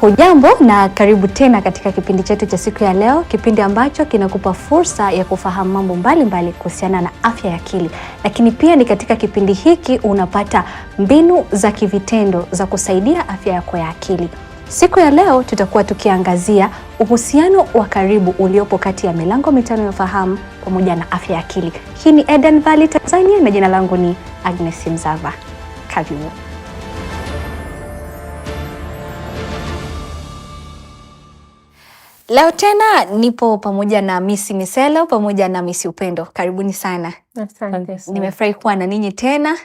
Hujambo na karibu tena katika kipindi chetu cha siku ya leo, kipindi ambacho kinakupa fursa ya kufahamu mambo mbalimbali kuhusiana na afya ya akili, lakini pia ni katika kipindi hiki unapata mbinu za kivitendo za kusaidia afya yako ya akili. Siku ya leo tutakuwa tukiangazia uhusiano wa karibu uliopo kati ya milango mitano ya fahamu pamoja na afya ya akili. Hii ni Eden Valley Tanzania na jina langu ni Agnes Mzava. Karibu. Leo tena nipo pamoja na Miss Miselo pamoja na Miss Upendo. Karibuni sana. Asante. Nimefurahi kuwa na ninyi tena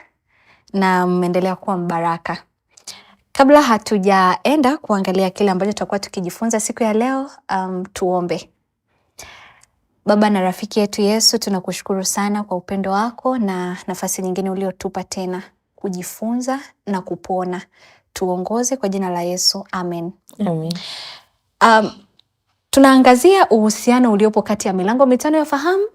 na mmeendelea kuwa mbaraka. Kabla hatujaenda kuangalia kile ambacho tutakuwa tukijifunza siku ya leo, um, tuombe. Baba na rafiki yetu Yesu, tunakushukuru sana kwa upendo wako na nafasi nyingine uliotupa tena kujifunza na kupona. Tuongoze kwa jina la Yesu, amen. Amen. Um, Tunaangazia uhusiano uliopo kati ya milango mitano ya fahamu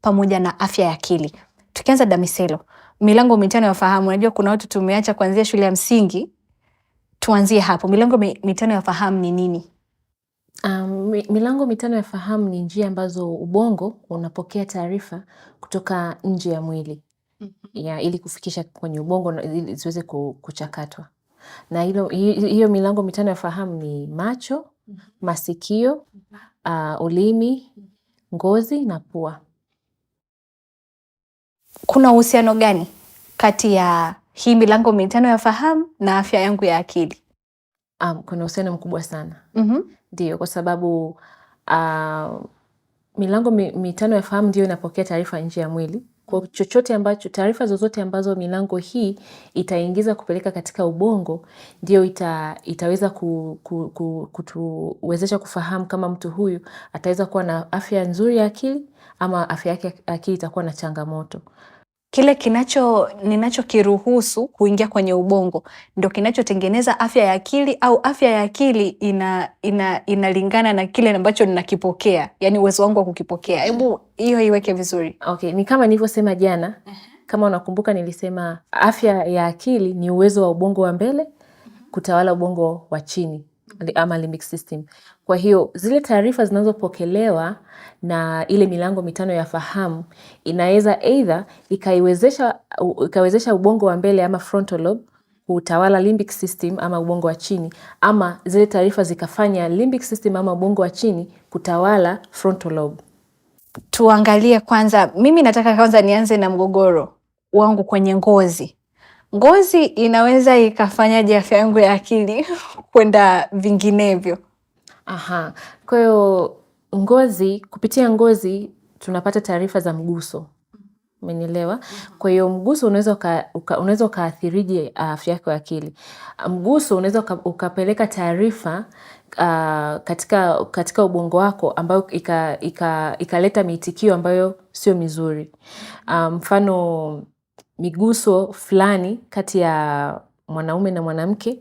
pamoja na afya ya akili. Tukianza damiselo, milango mitano ya fahamu. Unajua kuna watu tumeacha kuanzia shule ya msingi, tuanzie hapo. Milango mitano ya fahamu ni nini? Um, milango mitano ya fahamu ni njia ambazo ubongo unapokea taarifa kutoka nje ya mwili. Mm -hmm. Ya, ili kufikisha kwenye ubongo ziweze kuchakatwa na hilo hiyo milango mitano ya fahamu ni macho, mm-hmm. masikio, uh, ulimi, mm-hmm. ngozi na pua. Kuna uhusiano gani kati ya hii milango mitano ya fahamu na afya yangu ya akili? Um, kuna uhusiano mkubwa sana ndio. mm -hmm. Kwa sababu uh, milango mitano ya fahamu ndio inapokea taarifa nje ya mwili kwa chochote ambacho taarifa zozote ambazo milango hii itaingiza kupeleka katika ubongo ndio ita, itaweza ku, ku, ku, kutuwezesha kufahamu kama mtu huyu ataweza kuwa na afya nzuri ya akili ama afya yake akili itakuwa na changamoto kile kinacho ninachokiruhusu kuingia kwenye ubongo ndo kinachotengeneza afya ya akili au afya ya akili ina, ina, inalingana na kile ambacho ninakipokea, yani uwezo wangu wa kukipokea. Hebu hiyo iweke vizuri. Okay, ni kama nilivyosema jana uh -huh. Kama unakumbuka nilisema afya ya akili ni uwezo wa ubongo wa mbele kutawala ubongo wa chini ama limbic system. Kwa hiyo zile taarifa zinazopokelewa na ile milango mitano ya fahamu inaweza either ikaiwezesha ikawezesha ubongo wa mbele ama frontal lobe utawala limbic system ama ubongo wa chini, ama zile taarifa zikafanya limbic system ama ubongo wa chini kutawala frontal lobe. Tuangalie kwanza, mimi nataka kwanza nianze na mgogoro wangu kwenye ngozi ngozi inaweza ikafanyaje afya yangu ya akili kwenda vinginevyo? Aha, kwa hiyo ngozi, kupitia ngozi tunapata taarifa za mguso, umenielewa? Kwa hiyo mguso unaweza ukaathirije ah, afya yako ya akili? Mguso unaweza ukapeleka taarifa Uh, katika katika ubongo wako ambayo ikaleta ika, ika miitikio ambayo sio mizuri. Ah, mfano um, miguso fulani kati ya mwanaume na mwanamke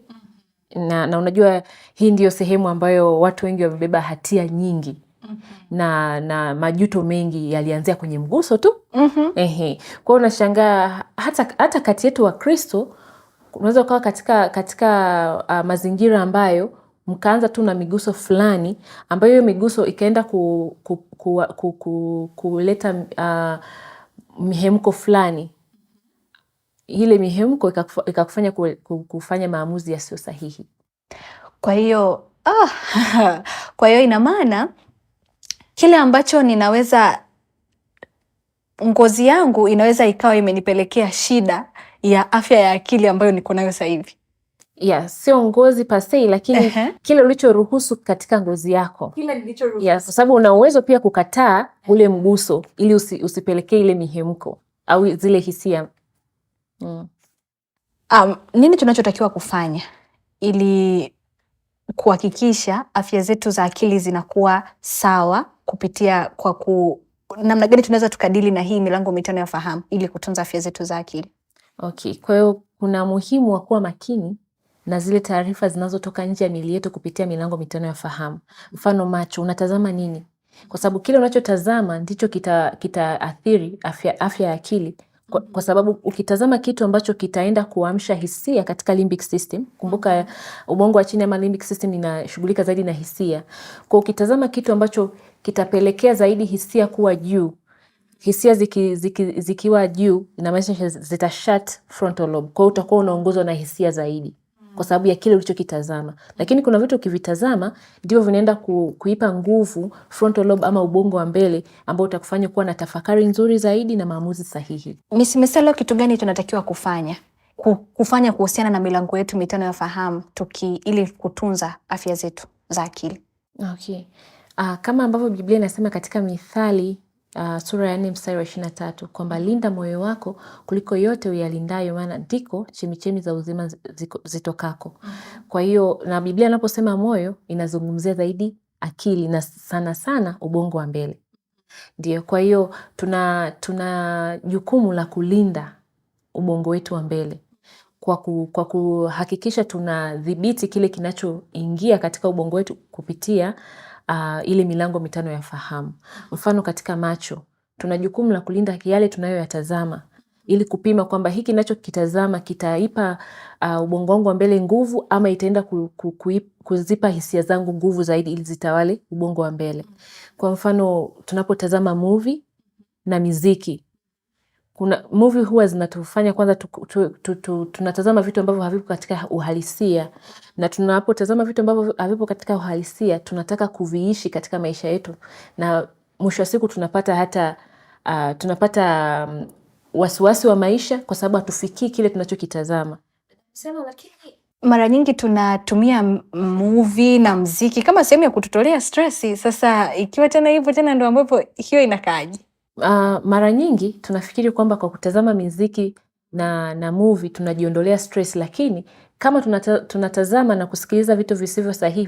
na, na unajua hii ndiyo sehemu ambayo watu wengi wamebeba hatia nyingi mm-hmm. na na majuto mengi yalianzia kwenye mguso tu mm -hmm. Ehe, kwao unashangaa hata, hata kati yetu wa Kristo unaweza ukawa katika, katika uh, mazingira ambayo mkaanza tu na miguso fulani ambayo hiyo miguso ikaenda ku, ku, ku, ku, ku, kuleta uh, mihemko fulani ile mihemko ikakufanya kufanya maamuzi yasiyo sahihi. Kwa hiyo oh, kwa hiyo ina maana kile ambacho ninaweza ngozi yangu inaweza ikawa imenipelekea shida ya afya ya akili ambayo niko nayo sasa hivi. Yeah, sio ngozi pasei, lakini uh -huh. Kile ulichoruhusu katika ngozi yako, Yes, kwa sababu una uwezo pia kukataa ule mguso ili usi, usipelekee ile mihemko au zile hisia Mm. Um, nini tunachotakiwa kufanya ili kuhakikisha afya zetu za akili zinakuwa sawa kupitia kwa ku namna gani tunaweza tukadili na hii milango mitano ya fahamu ili kutunza afya zetu za akili? Okay, kwa hiyo kuna muhimu wa kuwa makini na zile taarifa zinazotoka nje ya miili yetu kupitia milango mitano ya fahamu. Mfano, macho, unatazama nini? Kwa sababu kile unachotazama ndicho kitaathiri kita afya, afya ya akili kwa, kwa sababu ukitazama kitu ambacho kitaenda kuamsha hisia katika limbic system. Kumbuka ubongo wa chini ama limbic system inashughulika zaidi na hisia, kwa ukitazama kitu ambacho kitapelekea zaidi hisia kuwa juu hisia ziki, ziki, zikiwa juu inamaanisha zita shut frontal lobe, kwa hiyo utakuwa unaongozwa na hisia zaidi kwa sababu ya kile ulichokitazama. Lakini kuna vitu ukivitazama ndivyo vinaenda ku, kuipa nguvu frontal lobe ama ubongo wa mbele ambao utakufanya kuwa na tafakari nzuri zaidi na maamuzi sahihi. Miss Meselo, kitu gani tunatakiwa kufanya kufanya kuhusiana na milango yetu mitano ya fahamu tuki ili kutunza afya zetu za akili? Okay. Aa, ah, kama ambavyo Biblia inasema katika Mithali uh, sura ya nne mstari wa ishirini na tatu kwamba linda moyo wako kuliko yote uyalindayo, maana ndiko chemichemi za uzima ziko, zitokako. Mm-hmm. Kwa hiyo na Biblia anaposema moyo inazungumzia zaidi akili na sana sana ubongo wa mbele ndio. Kwa hiyo tuna tuna jukumu la kulinda ubongo wetu wa mbele kwa, ku, kwa kuhakikisha tunadhibiti kile kinachoingia katika ubongo wetu kupitia uh, ile milango mitano ya fahamu. Mfano, katika macho tuna jukumu la kulinda yale tunayoyatazama ili kupima kwamba hiki kitazama kitaipa uh, ubongo wangu wa mbele nguvu ama itaenda ku, ku, ku, kuzipa hisia zangu nguvu zaidi ili zitawale ubongo wa mbele. Kwa mfano tunapotazama movie na miziki kuna movie huwa zinatufanya kwanza tu, tu, tu, tu, tunatazama vitu ambavyo havipo katika uhalisia, na tunapotazama vitu ambavyo havipo katika uhalisia tunataka kuviishi katika maisha yetu, na mwisho wa siku tunapata hata uh, tunapata um, wasiwasi wa maisha kwa sababu hatufikii kile tunachokitazama. Mara nyingi tunatumia muvi na mziki kama sehemu ya kututolea stresi. Sasa ikiwa tena hivyo tena, ndo ambapo hiyo inakaaji Uh, mara nyingi tunafikiri kwamba kwa kutazama miziki na na movie tunajiondolea stress, lakini kama tunata, tunatazama na kusikiliza vitu visivyo sahihi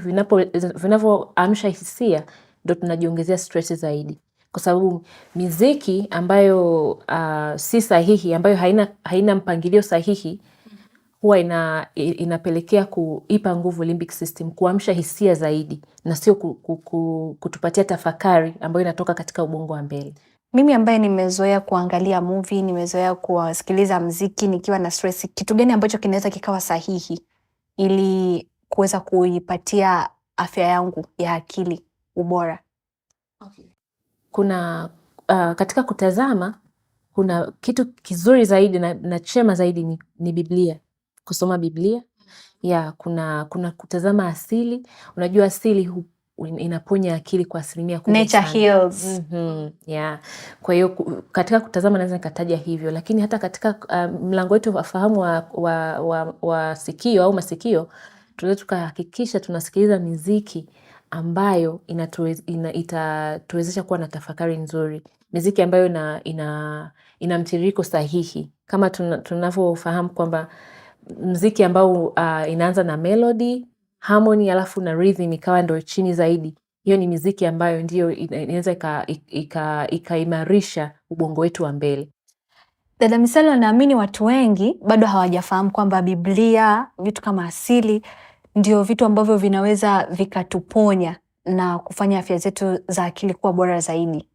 vinavyoamsha hisia ndo tunajiongezea stress zaidi, kwa sababu miziki ambayo uh, si sahihi ambayo haina, haina mpangilio sahihi huwa ina, inapelekea kuipa nguvu limbic system kuamsha hisia zaidi na sio kutupatia tafakari ambayo inatoka katika ubongo wa mbele. Mimi ambaye nimezoea kuangalia movie, nimezoea kuwasikiliza mziki nikiwa na stress, kitu gani ambacho kinaweza kikawa sahihi ili kuweza kuipatia afya yangu ya akili ubora? Okay. Kuna uh, katika kutazama kuna kitu kizuri zaidi na, na chema zaidi ni, ni Biblia, kusoma Biblia mm. ya yeah, kuna kuna kutazama asili. Unajua asili hu inaponya akili kwa asilimia kubwa. Nature heals. mm -hmm. Yeah. Kwa hiyo katika kutazama naweza nikataja hivyo, lakini hata katika uh, mlango wetu wa fahamu wa, wa, wa, wa sikio au masikio tunaweza tukahakikisha tunasikiliza miziki ambayo ina, itatuwezesha kuwa na tafakari nzuri, miziki ambayo ina, ina, ina mtiririko sahihi kama tunavyofahamu kwamba mziki ambao uh, inaanza na melodi harmony alafu na rhythm ikawa ndo chini zaidi. Hiyo ni miziki ambayo ndiyo inaweza ikaimarisha ubongo wetu wa mbele. Dada Misali, wanaamini watu wengi bado hawajafahamu kwamba Biblia, vitu kama asili, ndio vitu ambavyo vinaweza vikatuponya na kufanya afya zetu za akili kuwa bora zaidi.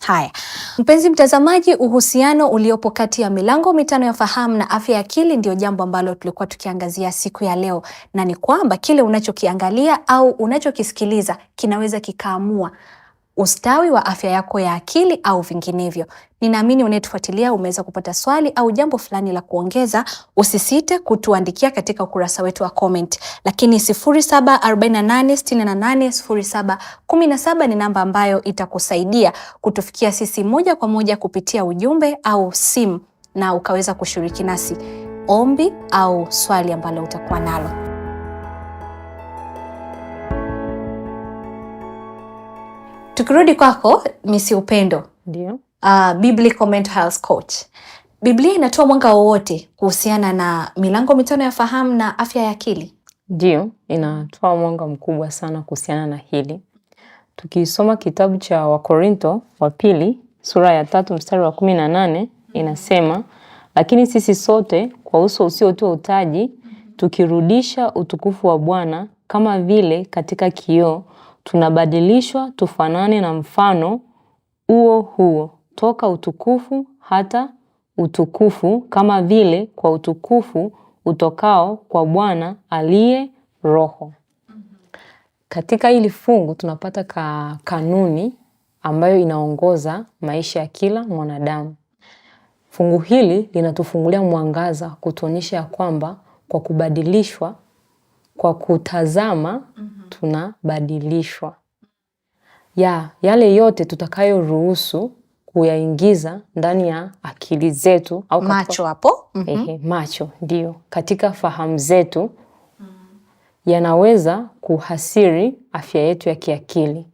Haya, Mpenzi mtazamaji, uhusiano uliopo kati ya milango mitano ya fahamu na afya ya akili ndio jambo ambalo tulikuwa tukiangazia siku ya leo, na ni kwamba kile unachokiangalia au unachokisikiliza kinaweza kikaamua ustawi wa afya yako ya akili au vinginevyo. Ninaamini unayetufuatilia umeweza kupata swali au jambo fulani la kuongeza, usisite kutuandikia katika ukurasa wetu wa comment. Lakini 0748680717 ni namba ambayo itakusaidia kutufikia sisi moja kwa moja kupitia ujumbe au simu na ukaweza kushiriki nasi ombi au swali ambalo utakuwa nalo. Tukirudi kwako Misi Upendo, uh, ah, biblical mental health coach, Biblia inatoa mwanga wowote kuhusiana na milango mitano ya fahamu na afya ya akili? Ndio, inatoa mwanga mkubwa sana kuhusiana na hili. Tukisoma kitabu cha Wakorinto wa pili sura ya tatu mstari wa kumi na nane inasema, lakini sisi sote kwa uso usiotoa utaji tukirudisha utukufu wa Bwana kama vile katika kioo tunabadilishwa tufanane na mfano huo huo, toka utukufu hata utukufu, kama vile kwa utukufu utokao kwa Bwana aliye Roho. Katika hili fungu tunapata ka kanuni ambayo inaongoza maisha ya kila mwanadamu. Fungu hili linatufungulia mwangaza kutuonyesha ya kwamba kwa kubadilishwa kwa kutazama mhm. tunabadilishwa ya yale yote tutakayoruhusu kuyaingiza ndani ya akili zetu au katika, macho hapo mm -hmm. Ehe, macho ndio katika fahamu zetu mhm. yanaweza kuhasiri afya yetu ya kiakili,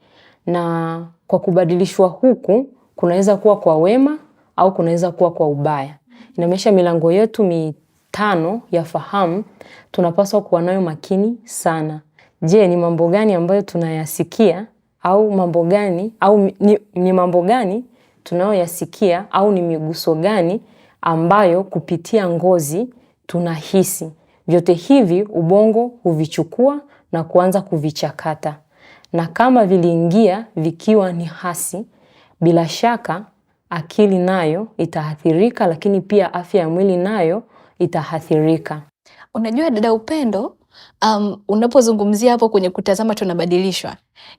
na kwa kubadilishwa huku kunaweza kuwa kwa wema au kunaweza kuwa kwa ubaya. Inaonyesha milango yetu mi tano ya fahamu tunapaswa kuwa nayo makini sana. Je, ni mambo gani ambayo tunayasikia au mambo gani au ni, ni mambo gani tunayoyasikia au ni miguso gani ambayo kupitia ngozi tunahisi? Vyote hivi ubongo huvichukua na kuanza kuvichakata, na kama viliingia vikiwa ni hasi, bila shaka akili nayo itaathirika, lakini pia afya ya mwili nayo itaathirika. Unajua dada Upendo, um, unapozungumzia hapo kwenye kutazama tunabadilishwa,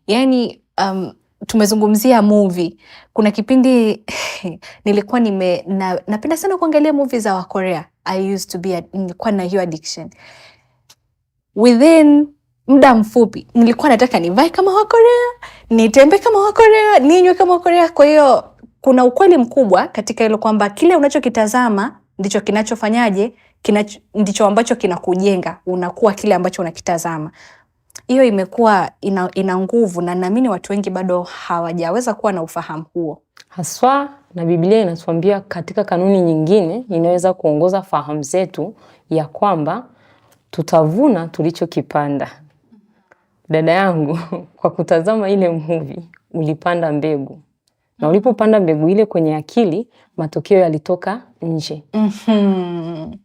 yani um, tumezungumzia movie. Kuna kipindi nilikuwa nime na, napenda sana kuangalia movie za Wakorea. I used to be nilikuwa na hiyo addiction within muda mfupi nilikuwa nataka nivae kama Wakorea, nitembe kama Wakorea, ninywe kama Wakorea. Kwa hiyo kuna ukweli mkubwa katika hilo kwamba kile unachokitazama ndicho kinachofanyaje kinach, ndicho ambacho kinakujenga, unakuwa kile ambacho unakitazama. Hiyo imekuwa ina, ina nguvu na naamini watu wengi bado hawajaweza kuwa na ufahamu huo haswa, na Biblia inatuambia katika kanuni nyingine inaweza kuongoza fahamu zetu ya kwamba tutavuna tulichokipanda. Dada yangu, kwa kutazama ile movie ulipanda mbegu na ulipopanda mbegu ile kwenye akili, matokeo yalitoka nje. mm -hmm.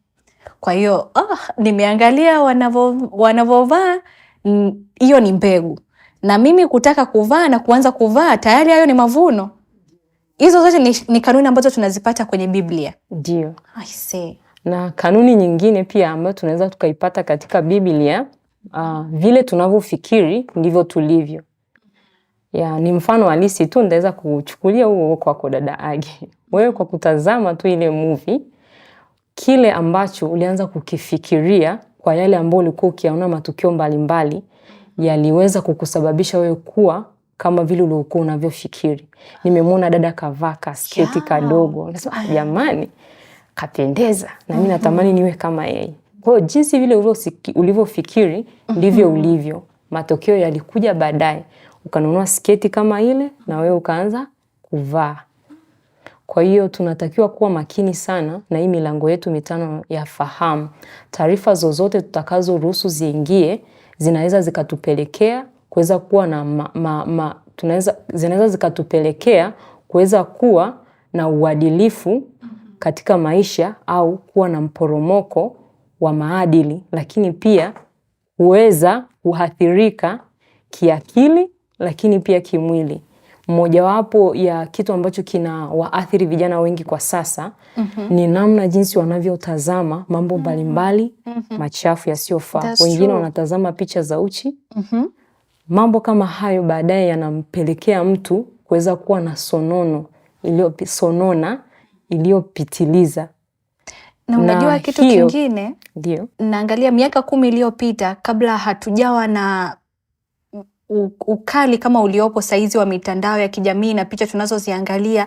Kwa hiyo oh, nimeangalia wanavyovaa hiyo ni mbegu, na mimi kutaka kuvaa na kuanza kuvaa tayari, hayo ni mavuno. Hizo zote ni, ni kanuni ambazo tunazipata kwenye Biblia, ndio na kanuni nyingine pia ambayo tunaweza tukaipata katika Biblia. Uh, vile tunavyofikiri ndivyo tulivyo ya ni mfano halisi tu ndaweza kuchukulia huo kwako dada Age. Wewe kwa kutazama tu ile movie, kile ambacho ulianza kukifikiria kwa yale ambayo ulikuwa ukiona matukio mbalimbali yaliweza kukusababisha wewe kuwa kama vile uliokuwa unavyofikiri. Nimemwona dada kavaa kasketi kadogo, nasema ah, jamani kapendeza, na mimi natamani mm-hmm. niwe kama yeye. Kwa hiyo jinsi vile ulivyofikiri ndivyo mm-hmm. ulivyo. Matokeo yalikuja baadaye ukanunua sketi kama ile na wewe ukaanza kuvaa. Kwa hiyo tunatakiwa kuwa makini sana na hii milango yetu mitano ya fahamu. Taarifa zozote tutakazoruhusu ziingie zinaweza zikatupelekea kuweza kuwa na ma, ma, ma, tunaweza, zinaweza zikatupelekea kuweza kuwa na uadilifu katika maisha au kuwa na mporomoko wa maadili, lakini pia huweza kuathirika kiakili lakini pia kimwili. Mojawapo ya kitu ambacho kina waathiri vijana wengi kwa sasa mm -hmm. ni namna jinsi wanavyotazama mambo mhm. mbalimbali mm -hmm. machafu yasiyofaa. Wengine wanatazama picha za uchi mm -hmm. mambo kama hayo baadaye yanampelekea mtu kuweza kuwa na sonono iliyo sonona iliyopitiliza. Na unajua kitu kingine, ndio naangalia miaka kumi iliyopita kabla hatujawa na ukali kama uliopo saizi wa mitandao ya kijamii na picha tunazoziangalia,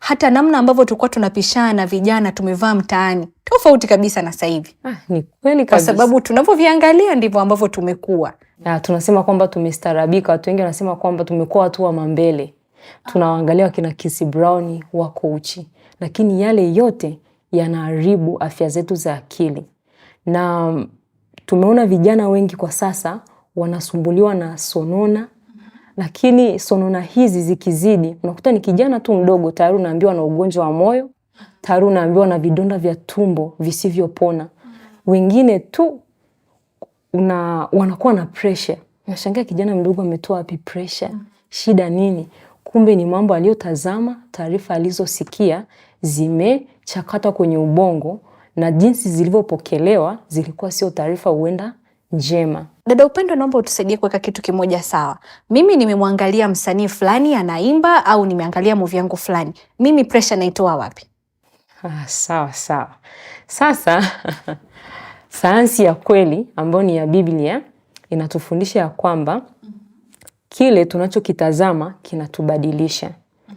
hata namna ambavyo tulikuwa tunapishana vijana tumevaa mtaani tofauti kabisa na sasa hivi. Ah, ni kweli kabisa, kwa sababu tunavyoviangalia ndivyo ambavyo tumekuwa na tunasema kwamba tumestarabika. Watu wengi wanasema kwamba tumekuwa watu wa mambele, tunawaangalia wakina Kisi Brown wako uchi, lakini yale yote yanaharibu afya zetu za akili, na tumeona vijana wengi kwa sasa wanasumbuliwa na sonona, lakini sonona hizi zikizidi, unakuta ni kijana tu mdogo tayari unaambiwa na ugonjwa wa moyo, tayari unaambiwa na vidonda vya tumbo visivyopona. Wengine tu una, wanakuwa na pressure. Nashangaa kijana mdogo ametoa wapi pressure? Shida nini? Kumbe ni mambo aliyotazama, taarifa alizosikia zimechakatwa kwenye ubongo na jinsi zilivyopokelewa zilikuwa sio taarifa huenda njema. Dada Upendo, naomba utusaidie kuweka kitu kimoja sawa. Mimi nimemwangalia msanii fulani anaimba au nimeangalia movie yangu fulani, mimi pressure naitoa wapi? Ah, sawa sawa. Sasa sayansi ya kweli ambayo ni ya Biblia inatufundisha ya kwamba kile tunachokitazama kinatubadilisha. Mm-hmm.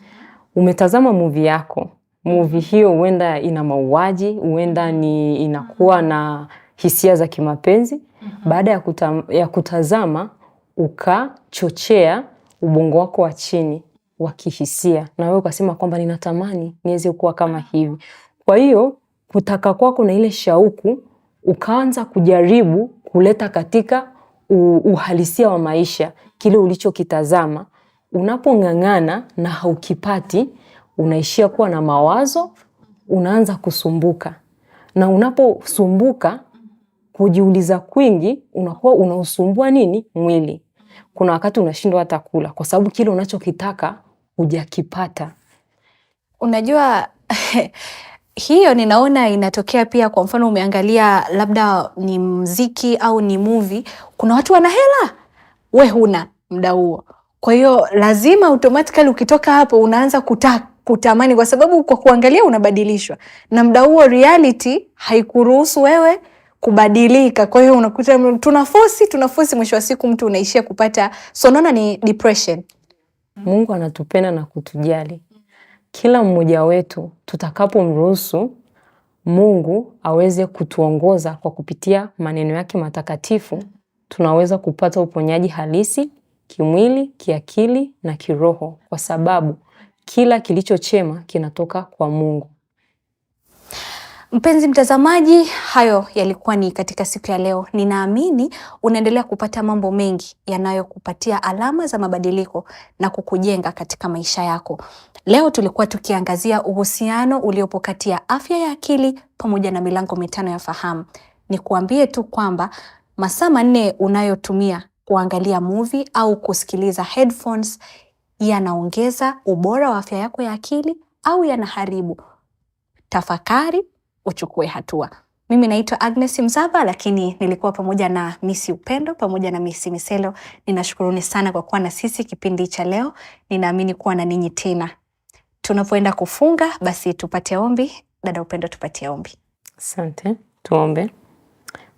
Umetazama muvi yako, muvi hiyo huenda ina mauaji, huenda ni inakuwa na hisia za kimapenzi -hmm. Baada ya, kuta, ya kutazama ukachochea ubongo wako wa chini wa kihisia, na wewe ukasema kwamba ninatamani niweze kuwa kama mm-hmm. hivi. Kwa hiyo kutaka kwako na ile shauku ukaanza kujaribu kuleta katika uhalisia wa maisha kile ulichokitazama. Unapong'ang'ana na haukipati, unaishia kuwa na mawazo, unaanza kusumbuka, na unaposumbuka kujiuliza kwingi unakuwa unausumbua nini mwili. Kuna wakati unashindwa hata kula kwa sababu kile unachokitaka hujakipata. Unajua hiyo ninaona inatokea pia. Kwa mfano, umeangalia labda ni mziki au ni movie, kuna watu wana hela, we huna mda huo. Kwa hiyo lazima automatically ukitoka hapo unaanza kuta, kutamani, kwa sababu kwa kuangalia unabadilishwa na mda huo, reality haikuruhusu wewe kubadilika. Kwa hiyo unakuta tunafosi tunafosi, mwisho wa siku mtu unaishia kupata sonona, ni depression. Mungu anatupenda na kutujali kila mmoja wetu, tutakapomruhusu Mungu aweze kutuongoza kwa kupitia maneno yake matakatifu, tunaweza kupata uponyaji halisi kimwili, kiakili na kiroho, kwa sababu kila kilicho chema kinatoka kwa Mungu. Mpenzi mtazamaji, hayo yalikuwa ni katika siku ya leo. Ninaamini unaendelea kupata mambo mengi yanayokupatia alama za mabadiliko na kukujenga katika maisha yako. Leo tulikuwa tukiangazia uhusiano uliopo kati ya afya ya akili pamoja na milango mitano ya fahamu. Nikuambie tu kwamba masaa manne unayotumia kuangalia movie au kusikiliza headphones yanaongeza ubora wa afya yako ya akili au yanaharibu? Tafakari uchukue hatua. Mimi naitwa Agnes Mzava, lakini nilikuwa pamoja na Misi Upendo pamoja na Misi Miselo. Ninashukuruni sana kwa kuwa na sisi kipindi cha leo. Ninaamini kuwa na ninyi tena tunapoenda kufunga, basi tupate ombi. Dada Upendo, tupatie ombi. Asante, tuombe.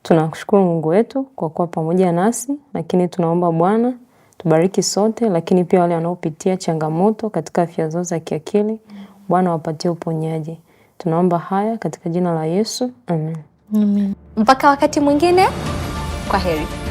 Tunashukuru Mungu wetu kwa kuwa pamoja nasi, lakini tunaomba Bwana tubariki sote, lakini pia wale wanaopitia changamoto katika afya zao za kiakili, Bwana wapatie uponyaji Tunaomba haya katika jina la Yesu, amen. Amen. Mpaka wakati mwingine, kwa heri.